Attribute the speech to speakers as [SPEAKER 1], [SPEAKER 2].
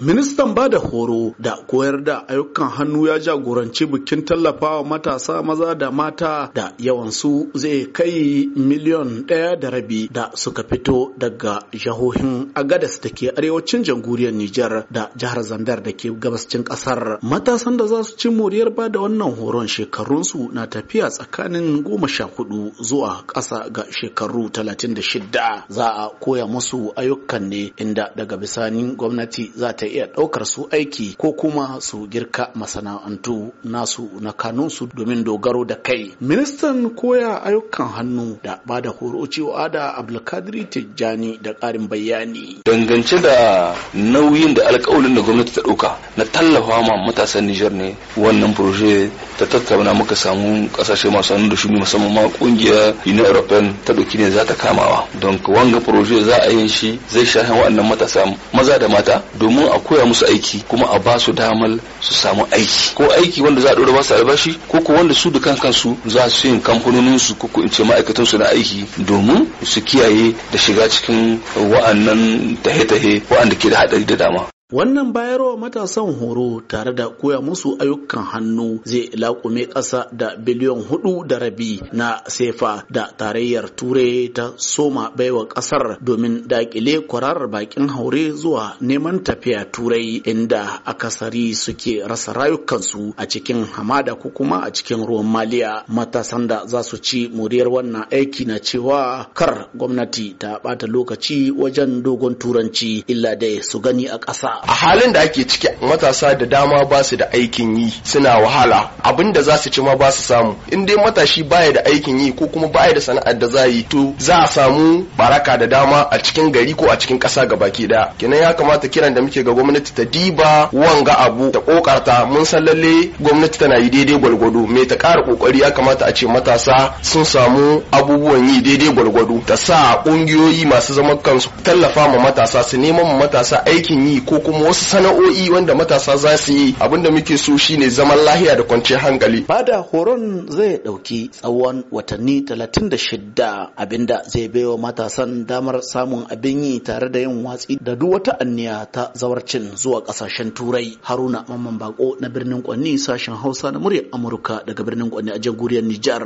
[SPEAKER 1] Ministan ba da horo da koyar da ayyukan hannu ya jagoranci bikin tallafawa matasa maza da mata da yawansu zai kai miliyon ɗaya da rabi da suka fito daga jihohin Agadas da ke arewacin jamhuriyar Nijar da jihar Zandar da ke gabascin ƙasar. Matasan da za su ci moriyar ba da wannan horon shekarunsu na tafiya tsakanin goma sha hudu zuwa ƙasa ga shekaru talatin da shidda. Za a koya musu ayyukan ne inda daga bisani gwamnati za ta iya ɗaukar su aiki ko kuma su girka masana'antu nasu na kanunsu domin dogaro da kai. Ministan koya ayyukan hannu da bada horo cewa da Abdulkadir Tijjani da ƙarin bayani.
[SPEAKER 2] Dangance da nauyin da alƙawalin da gwamnati ta ɗauka na tallafa ma matasan Nijar ne wannan proje ta tattauna muka samu kasashe masu hannu da shuni musamman ma kungiyar Union European ta doki ne za ta kamawa don wanga proje za a yi shi zai shahin waɗannan matasa maza da mata domin a koya musu aiki kuma a ba su damar su samu aiki ko aiki wanda za a dora basu albashi ko ko wanda su da kansu za su yin kamfanonin su ko in ce ma'aikatan su na aiki domin su kiyaye da shiga cikin wa'annan tahe-tahe wa'anda ke da hadari da dama
[SPEAKER 1] Wannan bayarwa matasan horo tare da koya musu ayyukan hannu zai laƙume ƙasa da biliyon hudu da rabi na sefa da tarayyar turai ta soma baiwa ƙasar domin daƙile kwararar bakin haure zuwa neman tafiya turai inda akasari suke rasa rayukansu a cikin hamada ko kuma a cikin ruwan maliya matasan da za su ci muriyar wannan aiki na cewa kar gwamnati ta ɓata lokaci wajen dogon turanci illa dai su gani a ƙasa a
[SPEAKER 3] halin da ake ciki matasa da dama ba su da aikin yi suna wahala abin da za su ci ma ba su samu in dai matashi baya da aikin yi ko kuma baya da sana'ar da za yi to za a samu baraka da dama a cikin gari ko a cikin ƙasa gabaki daya kenan ya kamata kiran da muke ga gwamnati ta diba wanga abu ta kokarta mun san lalle gwamnati tana yi daidai gwalgwado me ta kara kokari ya kamata a ce matasa sun samu abubuwan yi daidai gwalgwado ta sa ƙungiyoyi masu zaman kansu tallafa ma matasa su neman matasa aikin yi ko kuma wasu sana'o'i wanda matasa za su yi abinda muke so shine zaman
[SPEAKER 1] lahiya da kwanciyar hankali bada horon zai dauki tsawon watanni talatin da 36 abinda zai baiwa matasan damar samun abin yi tare da yin watsi da duk wata anniya ta zawarcin zuwa kasashen turai haruna mamman bako na birnin kwanni sashen hausa na muryar amurka daga birnin kwanni a jamhuriyar nijar